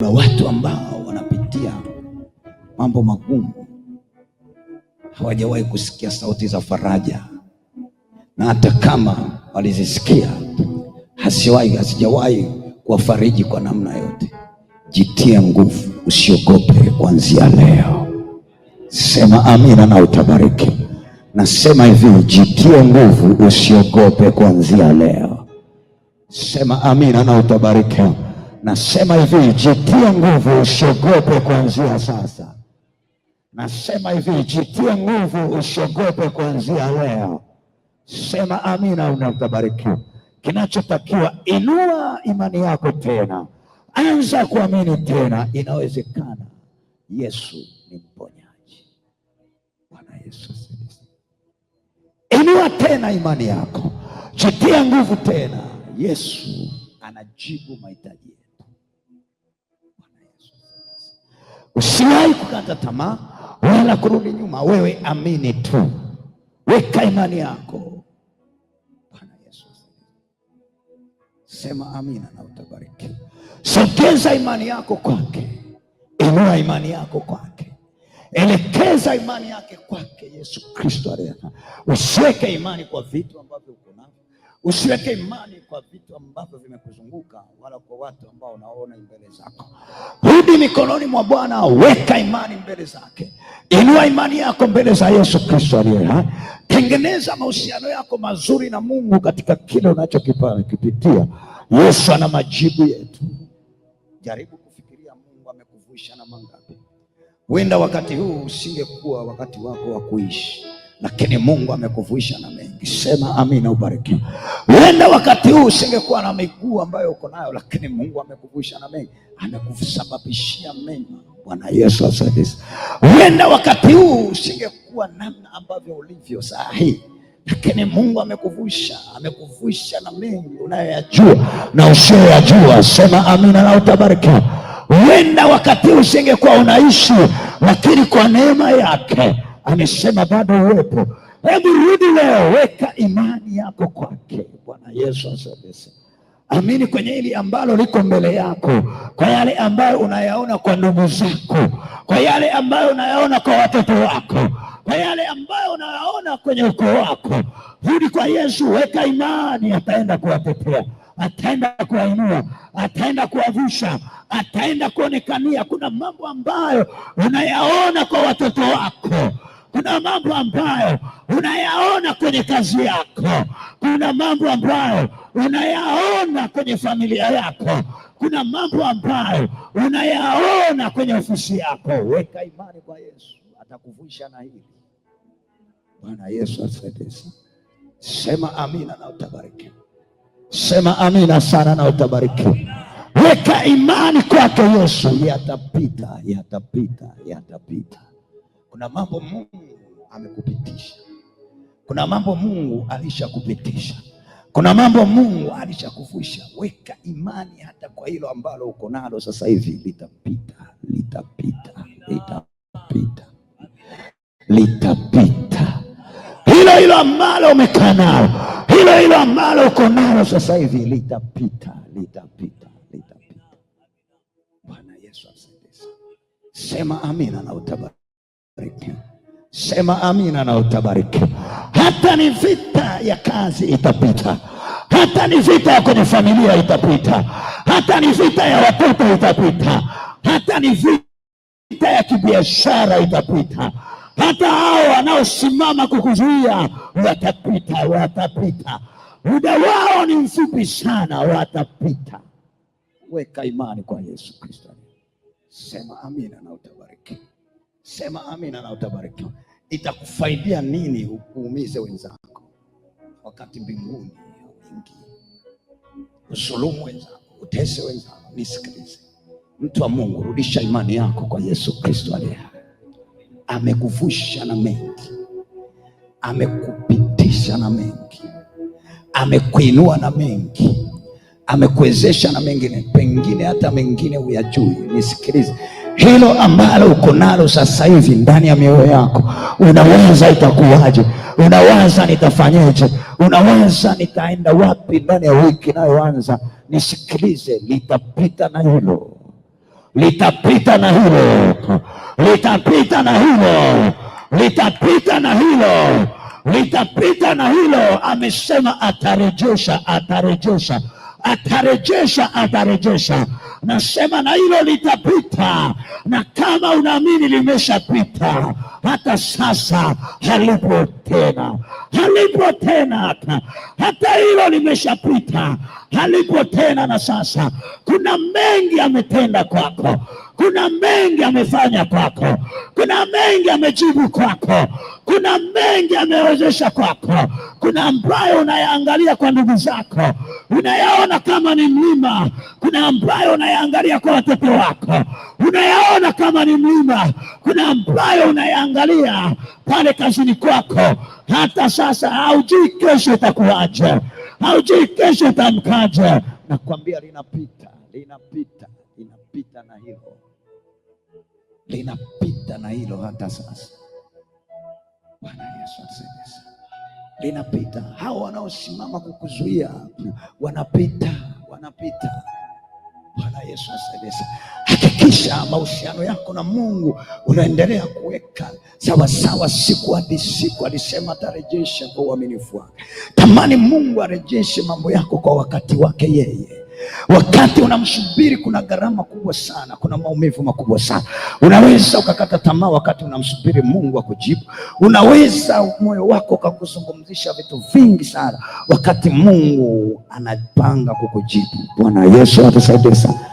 Kuna watu ambao wanapitia mambo magumu, hawajawahi kusikia sauti za faraja, na hata kama walizisikia hasiwahi hasijawahi kuwafariji kwa namna yote. Jitie nguvu, usiogope kuanzia leo. Sema amina na utabariki. Nasema hivi, jitie nguvu, usiogope kuanzia leo. Sema amina na utabariki. Nasema hivi, jitie nguvu, usiogope kuanzia sasa. Nasema hivi, jitie nguvu, usiogope kuanzia leo. Sema amina, unatabarikiwa. Kinachotakiwa, inua imani yako tena, anza kuamini tena. Inawezekana. Yesu ni mponyaji. Bwana Yesu asifiwe. Inua tena imani yako, jitia nguvu tena. Yesu anajibu mahitaji Usiwahi kukata tamaa wala kurudi nyuma. Wewe amini tu, weka imani yako. Bwana Yesu sema amina na utabariki. Sogeza imani yako kwake, inua imani yako kwake, elekeza imani yake kwake Yesu Kristo. Usiweke imani kwa vitu ambavyo uko navyo. Usiweke imani kwa vitu ambavyo vimekuzunguka wala kwa watu ambao unaona mbele zako. Rudi mikononi mwa Bwana, weka imani mbele zake, inua imani yako mbele za Yesu Kristo aliye hai. Tengeneza mahusiano yako mazuri na Mungu katika kile unachokipitia. Yesu ana majibu yetu. Jaribu kufikiria Mungu amekuvusha na mangapi. Huenda wakati huu usingekuwa wakati wako wa kuishi lakini Mungu amekuvuisha na mengi. Sema amina, ubarikiwa. Huenda wakati huu usingekuwa na miguu ambayo uko nayo, lakini Mungu amekuvuisha na mengi, amekusababishia mema. Bwana Yesu asifiwe. Huenda wakati huu usingekuwa namna ambavyo ulivyo saa hii lakini Mungu amekuvusha amekuvusha na mengi unayoyajua na usiyoyajua. Sema amina na utabarikiwa. Huenda wakati usingekuwa unaishi, lakini kwa neema yake amesema bado uwepo. Hebu rudi leo, weka imani yako kwake. Bwana Yesu asifiwe. Amini kwenye hili ambalo liko mbele yako, kwa yale ambayo unayaona kwa ndugu zako, kwa yale ambayo unayaona kwa watoto wako, kwa yale ambayo unayaona kwenye ukoo wako. Rudi kwa Yesu, weka imani, ataenda kuwatetea, ataenda kuwainua, ataenda kuwavusha, ataenda kuonekania. Kuna mambo ambayo unayaona kwa watoto wako kuna mambo ambayo unayaona kwenye kazi yako, kuna mambo ambayo unayaona kwenye familia yako, kuna mambo ambayo unayaona kwenye ofisi yako. Weka imani kwa Yesu, atakuvusha na hili. Bwana Yesu asifiwe. Sema amina na utabariki. Sema amina sana na utabariki. Weka imani kwake Yesu, yatapita, yatapita, yatapita. Kuna mambo mm. Mungu amekupitisha, kuna mambo Mungu alishakupitisha, kuna mambo Mungu alishakuvusha. Weka imani hata kwa hilo ambalo uko nalo sasa hivi, litapita, litapita, litapita, litapita. Hilo hilo ambalo umekaa nalo, hilo hilo ambalo uko nalo sasa hivi, litapita, litapita, Yesu Sema amina na utabari. Sema amina na utabariki. Hata ni vita ya kazi itapita, hata ni vita ya kwenye familia itapita, hata ni vita ya watoto itapita, hata ni vita ya kibiashara itapita, hata hao wanaosimama kukuzuia watapita, watapita. Muda wao ni mfupi sana, watapita. Weka imani kwa Yesu Kristo. Sema amina na utabariki. Sema amina na utabarikiwa. Itakufaidia nini ukuumize wenzako wakati mbinguni wingi? Usulumu wenzako, utese wenzako. Nisikilize mtu wa Mungu, rudisha imani yako kwa Yesu Kristo aliye amekuvusha na mengi, amekupitisha na mengi, amekuinua na mengi, amekuwezesha na mengine, pengine hata mengine huyajui. Nisikilize hilo ambalo uko nalo sasa hivi ndani ya mioyo yako, unawaza itakuwaje? Unawaza nitafanyeje Unawaza nitaenda wapi ndani ya wiki inayoanza? Nisikilize, litapita na hilo, litapita na hilo, litapita na hilo, litapita na hilo, litapita na hilo. Amesema atarejesha, atarejesha, atarejesha, atarejesha. Nasema na hilo litapita na kama unaamini limeshapita, hata sasa halipo tena, halipo tena, hata hilo limeshapita, halipo tena. Na sasa kuna mengi ametenda kwako, kuna mengi amefanya kwako, kuna mengi amejibu kwako, kuna mengi amewezesha kwako, kuna ambayo unayaangalia kwa ndugu zako unayaona kama ni mlima, kuna ambayo unayaangalia kwa watoto wako unayaona kama ni mlima, kuna ambayo unayaangalia pale kazini kwako, hata sasa haujui kesho itakuwaje, haujui kesho itamkaje. Nakwambia linapita, linapita, linapita na hilo linapita na hilo hata sasa. Bwana Yesu asifiwe. Linapita. Hao wanaosimama kukuzuia wanapita, wanapita. Bwana Yesu asifiwe hakikisha mahusiano yako na Mungu unaendelea kuweka sawasawa siku hadi siku. Alisema atarejesha kwa uaminifu wake. Tamani Mungu arejeshe mambo yako kwa wakati wake yeye. Wakati unamsubiri kuna gharama kubwa sana, kuna maumivu makubwa sana. Unaweza ukakata tamaa wakati unamsubiri Mungu akujibu. Unaweza moyo wako ukakuzungumzisha vitu vingi sana, wakati Mungu anapanga kukujibu. Bwana Yesu atusaidie sana.